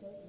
Hvala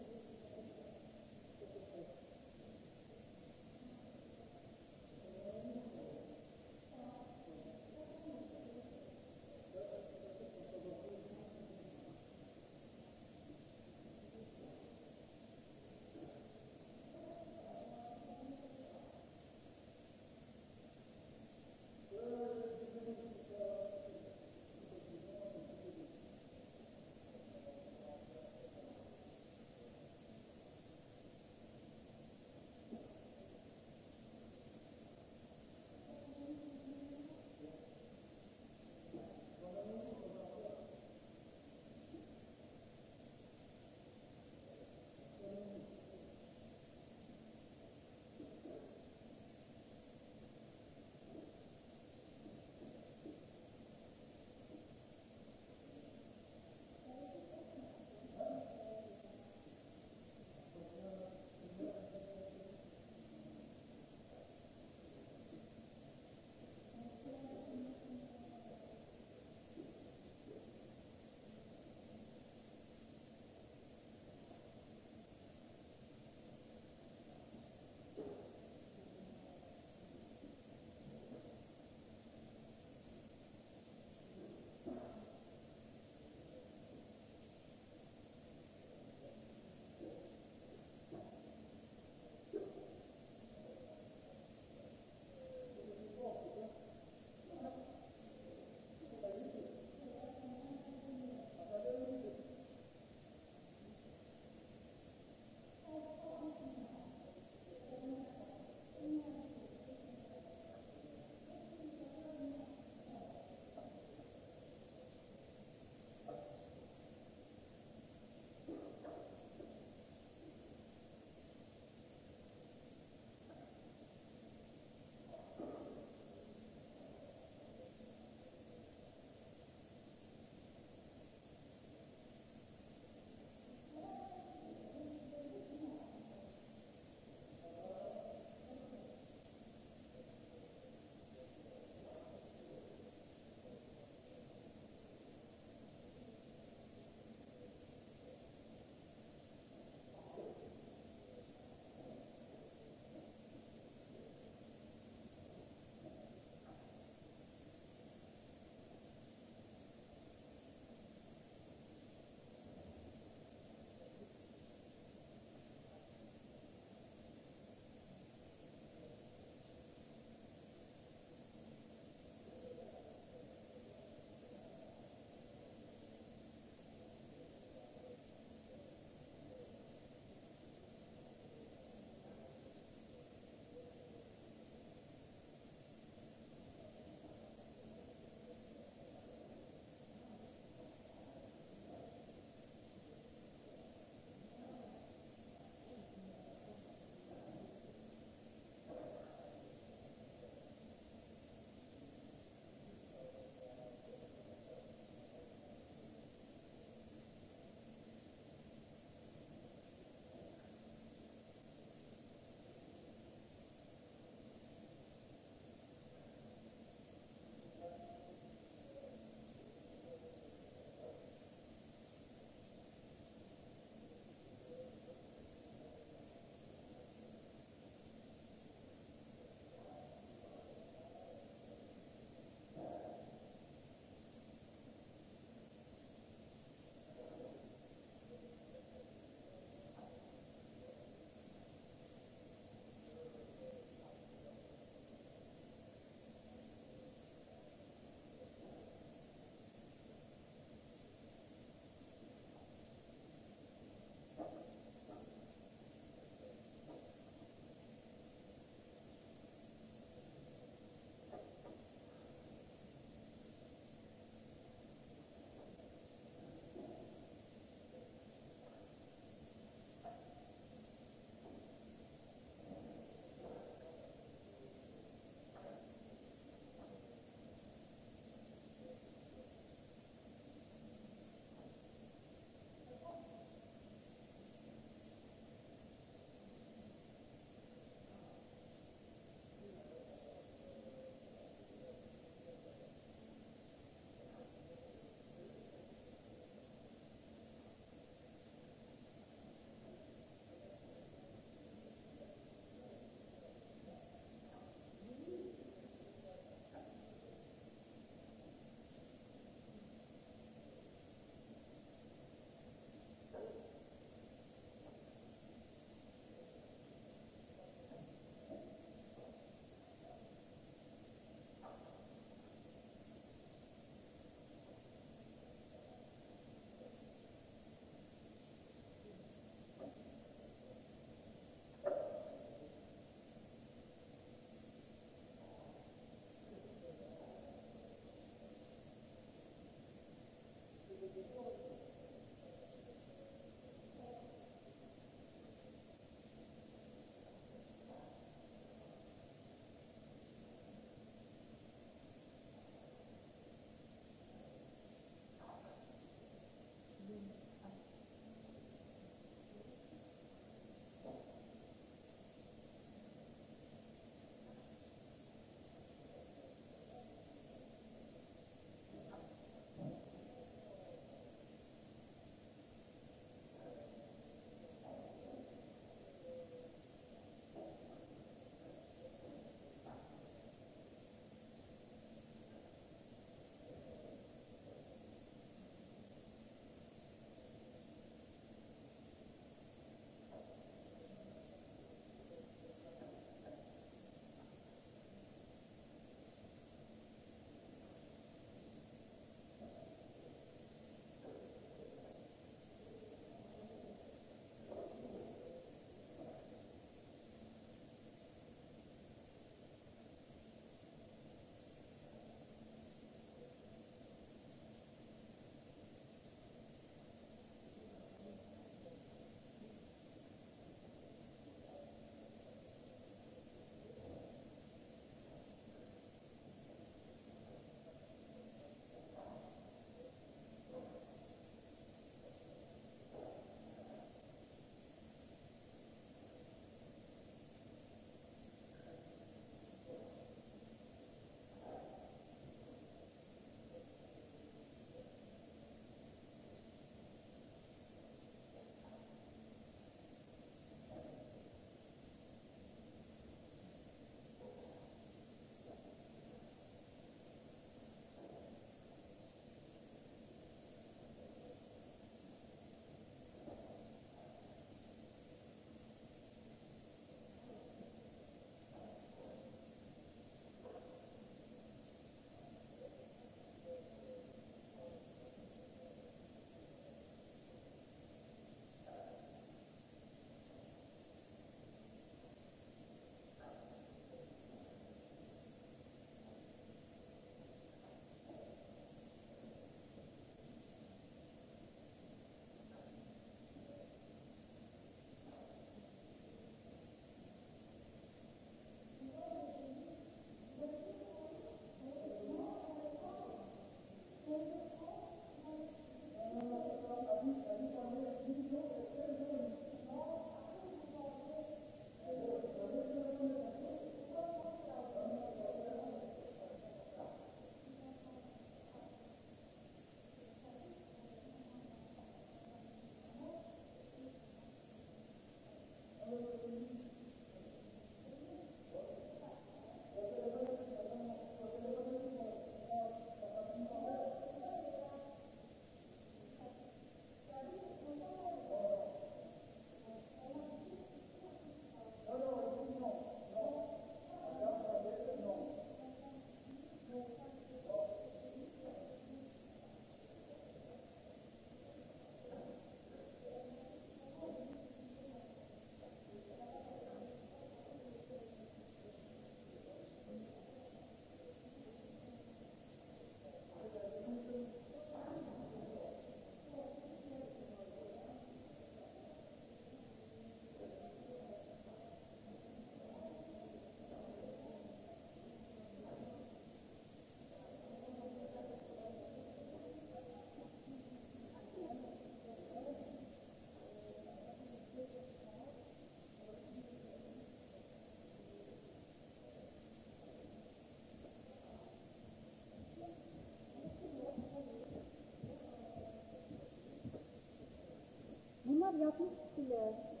Gracias.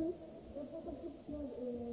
Ja počinjem tu pojašnju